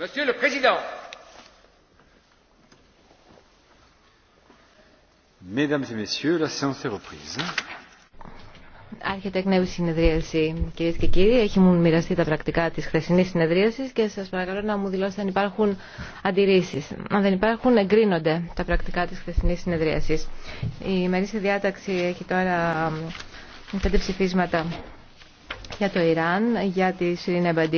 Monsieur le Président, Mesdames et Messieurs, la séance est reprise. Άρχεται εκ νέου συνεδρίαση, κυρίε και κύριοι. Έχει μου μοιραστεί τα πρακτικά τη χθεσινή συνεδρίαση και σα παρακαλώ να μου δηλώσετε αν υπάρχουν αντιρρήσει. Αν δεν υπάρχουν, εγκρίνονται τα πρακτικά τη χθεσινή συνεδρίαση. Η ημερήσια διάταξη έχει τώρα πέντε ψηφίσματα για το Ιράν, για τη Σιρήνα Μπαντή.